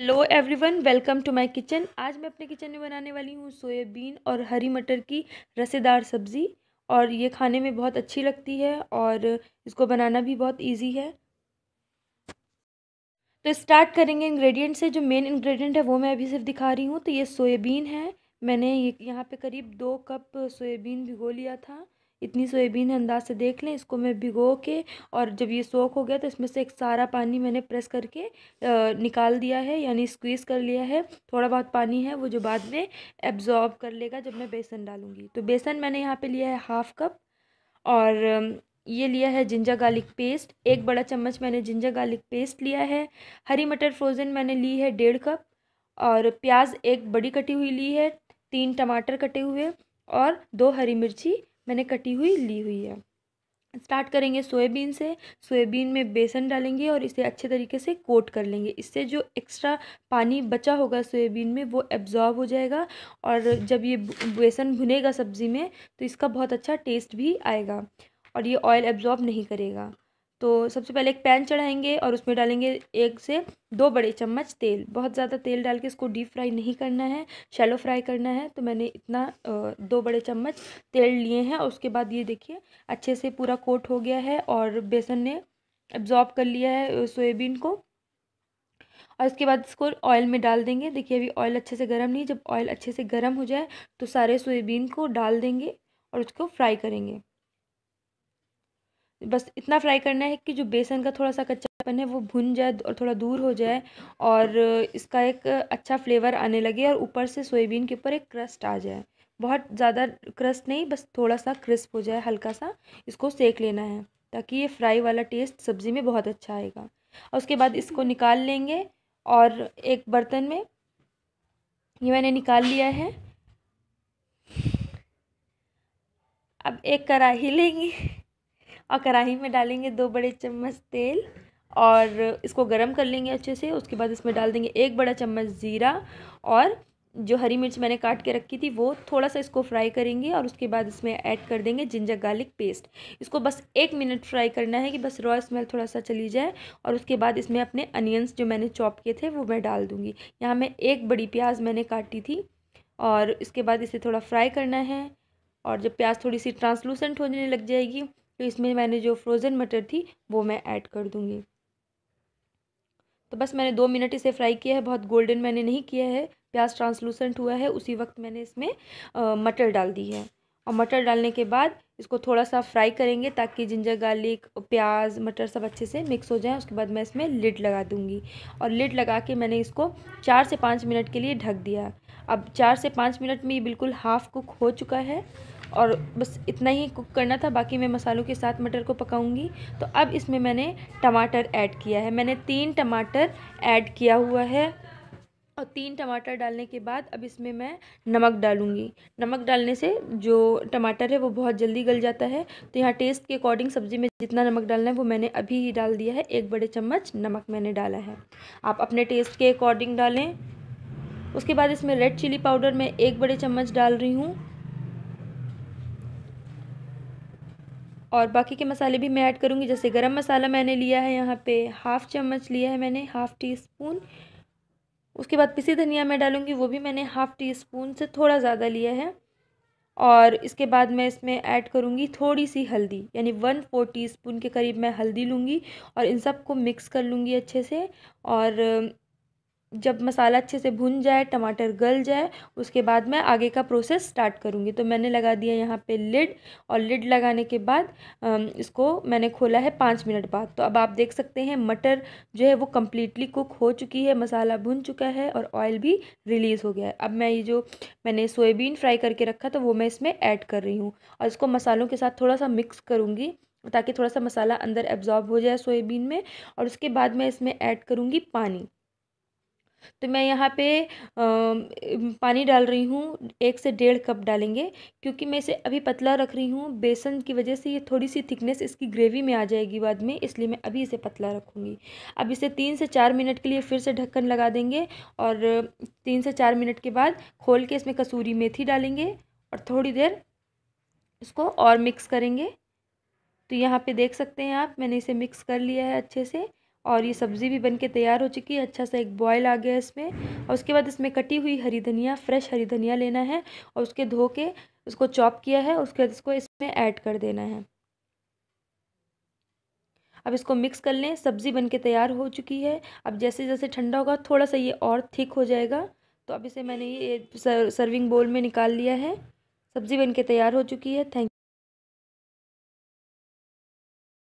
hello everyone welcome to my kitchen आज मैं अपने किचन में बनाने वाली हूँ सोयाबीन और हरी मटर की रसेदार सब्ज़ी और ये खाने में बहुत अच्छी लगती है और इसको बनाना भी बहुत इजी है तो स्टार्ट करेंगे इंग्रेडिएंट से जो मेन इंग्रेडिएंट है वो मैं अभी सिर्फ दिखा रही हूँ तो ये सोयाबीन है मैंने ये यहाँ पर करीब दो कप सोयाबीन भिगो लिया था इतनी सोयाबीन है अंदाज से देख लें इसको मैं भिगो के और जब ये सोख हो गया तो इसमें से एक सारा पानी मैंने प्रेस करके निकाल दिया है यानी स्क्वीज़ कर लिया है थोड़ा बहुत पानी है वो जो बाद में एब्ज़ॉर्ब कर लेगा जब मैं बेसन डालूँगी तो बेसन मैंने यहाँ पर लिया है हाफ़ कप और ये लिया है जिंजर गार्लिक पेस्ट एक बड़ा चम्मच मैंने जिंजर गार्लिक पेस्ट लिया है हरी मटर फ्रोज़न मैंने ली है डेढ़ कप और प्याज एक बड़ी कटी हुई ली है तीन टमाटर कटे हुए और दो हरी मिर्ची मैंने कटी हुई ली हुई है स्टार्ट करेंगे सोयाबीन से सोयाबीन में बेसन डालेंगे और इसे अच्छे तरीके से कोट कर लेंगे इससे जो एक्स्ट्रा पानी बचा होगा सोयाबीन में वो एब्जॉर्ब हो जाएगा और जब ये बेसन भुनेगा सब्ज़ी में तो इसका बहुत अच्छा टेस्ट भी आएगा और ये ऑयल एब्जॉर्ब नहीं करेगा तो सबसे पहले एक पैन चढ़ाएंगे और उसमें डालेंगे एक से दो बड़े चम्मच तेल बहुत ज़्यादा तेल डाल के इसको डीप फ्राई नहीं करना है शैलो फ्राई करना है तो मैंने इतना दो बड़े चम्मच तेल लिए हैं और उसके बाद ये देखिए अच्छे से पूरा कोट हो गया है और बेसन ने एब्जॉर्ब कर लिया है सोयाबीन को और इसके बाद इसको ऑयल में डाल देंगे देखिए अभी ऑयल अच्छे से गर्म नहीं जब ऑयल अच्छे से गर्म हो जाए तो सारे सोयाबीन को डाल देंगे और उसको फ्राई करेंगे बस इतना फ्राई करना है कि जो बेसन का थोड़ा सा कच्चापन है वो भुन जाए और थोड़ा दूर हो जाए और इसका एक अच्छा फ्लेवर आने लगे और ऊपर से सोयाबीन के ऊपर एक क्रस्ट आ जाए बहुत ज़्यादा क्रस्ट नहीं बस थोड़ा सा क्रिस्प हो जाए हल्का सा इसको सेक लेना है ताकि ये फ्राई वाला टेस्ट सब्ज़ी में बहुत अच्छा आएगा और उसके बाद इसको निकाल लेंगे और एक बर्तन में ये मैंने निकाल लिया है अब एक कढ़ाही लेंगे और कढ़ाई में डालेंगे दो बड़े चम्मच तेल और इसको गर्म कर लेंगे अच्छे से उसके बाद इसमें डाल देंगे एक बड़ा चम्मच ज़ीरा और जो हरी मिर्च मैंने काट के रखी थी वो थोड़ा सा इसको फ्राई करेंगे और उसके बाद इसमें ऐड कर देंगे जिंजर गार्लिक पेस्ट इसको बस एक मिनट फ्राई करना है कि बस रॉ स्मेल थोड़ा सा चली जाए और उसके बाद इसमें अपने अनियंस जो मैंने चॉप किए थे वो मैं डाल दूँगी यहाँ मैं एक बड़ी प्याज मैंने काटी थी और इसके बाद इसे थोड़ा फ्राई करना है और जब प्याज थोड़ी सी ट्रांसलूसेंट होने लग जाएगी तो इसमें मैंने जो फ्रोज़न मटर थी वो मैं ऐड कर दूँगी तो बस मैंने दो मिनट इसे फ्राई किया है बहुत गोल्डन मैंने नहीं किया है प्याज ट्रांसलूसेंट हुआ है उसी वक्त मैंने इसमें मटर डाल दी है और मटर डालने के बाद इसको थोड़ा सा फ्राई करेंगे ताकि जिंजर गार्लिक प्याज मटर सब अच्छे से मिक्स हो जाए उसके बाद मैं इसमें लिड लगा दूंगी और लिड लगा के मैंने इसको चार से पाँच मिनट के लिए ढक दिया अब चार से पाँच मिनट में ये बिल्कुल हाफ़ कुक हो चुका है और बस इतना ही कुक करना था बाकी मैं मसालों के साथ मटर को पकाऊंगी तो अब इसमें मैंने टमाटर ऐड किया है मैंने तीन टमाटर ऐड किया हुआ है और तीन टमाटर डालने के बाद अब इसमें मैं नमक डालूंगी नमक डालने से जो टमाटर है वो बहुत जल्दी गल जाता है तो यहाँ टेस्ट के अकॉर्डिंग सब्ज़ी में जितना नमक डालना है वो मैंने अभी ही डाल दिया है एक बड़े चम्मच नमक मैंने डाला है आप अपने टेस्ट के अकॉर्डिंग डालें उसके बाद इसमें रेड चिली पाउडर मैं एक बड़े चम्मच डाल रही हूँ और बाकी के मसाले भी मैं ऐड करूँगी जैसे गरम मसाला मैंने लिया है यहाँ पे हाफ़ चम्मच लिया है मैंने हाफ़ टी स्पून उसके बाद पिसी धनिया मैं डालूँगी वो भी मैंने हाफ़ टी स्पून से थोड़ा ज़्यादा लिया है और इसके बाद मैं इसमें ऐड करूँगी थोड़ी सी हल्दी यानी वन फोर टी स्पून के करीब मैं हल्दी लूँगी और इन सब को मिक्स कर लूँगी अच्छे से और जब मसाला अच्छे से भुन जाए टमाटर गल जाए उसके बाद मैं आगे का प्रोसेस स्टार्ट करूँगी तो मैंने लगा दिया यहाँ पे लिड और लिड लगाने के बाद इसको मैंने खोला है पाँच मिनट बाद तो अब आप देख सकते हैं मटर जो है वो कम्प्लीटली कुक हो चुकी है मसाला भुन चुका है और ऑयल भी रिलीज़ हो गया है अब मैं ये जो मैंने सोयाबीन फ्राई करके रखा था वो मैं इसमें ऐड कर रही हूँ और इसको मसालों के साथ थोड़ा सा मिक्स करूँगी ताकि थोड़ा सा मसाला अंदर एब्जॉर्ब हो जाए सोयाबीन में और उसके बाद मैं इसमें ऐड करूँगी पानी तो मैं यहाँ पे आ, पानी डाल रही हूँ एक से डेढ़ कप डालेंगे क्योंकि मैं इसे अभी पतला रख रही हूँ बेसन की वजह से ये थोड़ी सी थिकनेस इसकी ग्रेवी में आ जाएगी बाद में इसलिए मैं अभी इसे पतला रखूँगी अब इसे तीन से चार मिनट के लिए फिर से ढक्कन लगा देंगे और तीन से चार मिनट के बाद खोल के इसमें कसूरी मेथी डालेंगे और थोड़ी देर इसको और मिक्स करेंगे तो यहाँ पे देख सकते हैं आप मैंने इसे मिक्स कर लिया है अच्छे से और ये सब्ज़ी भी बनके तैयार हो चुकी है अच्छा सा एक बॉयल आ गया इसमें और उसके बाद इसमें कटी हुई हरी धनिया फ्रेश हरी धनिया लेना है और उसके धो के उसको चॉप किया है उसके बाद इसको इसमें ऐड कर देना है अब इसको मिक्स कर लें सब्ज़ी बन के तैयार हो चुकी है अब जैसे जैसे ठंडा होगा थोड़ा सा ये और थिक हो जाएगा तो अब इसे मैंने ये सर्विंग बोल में निकाल लिया है सब्ज़ी बन के तैयार हो चुकी है थैंक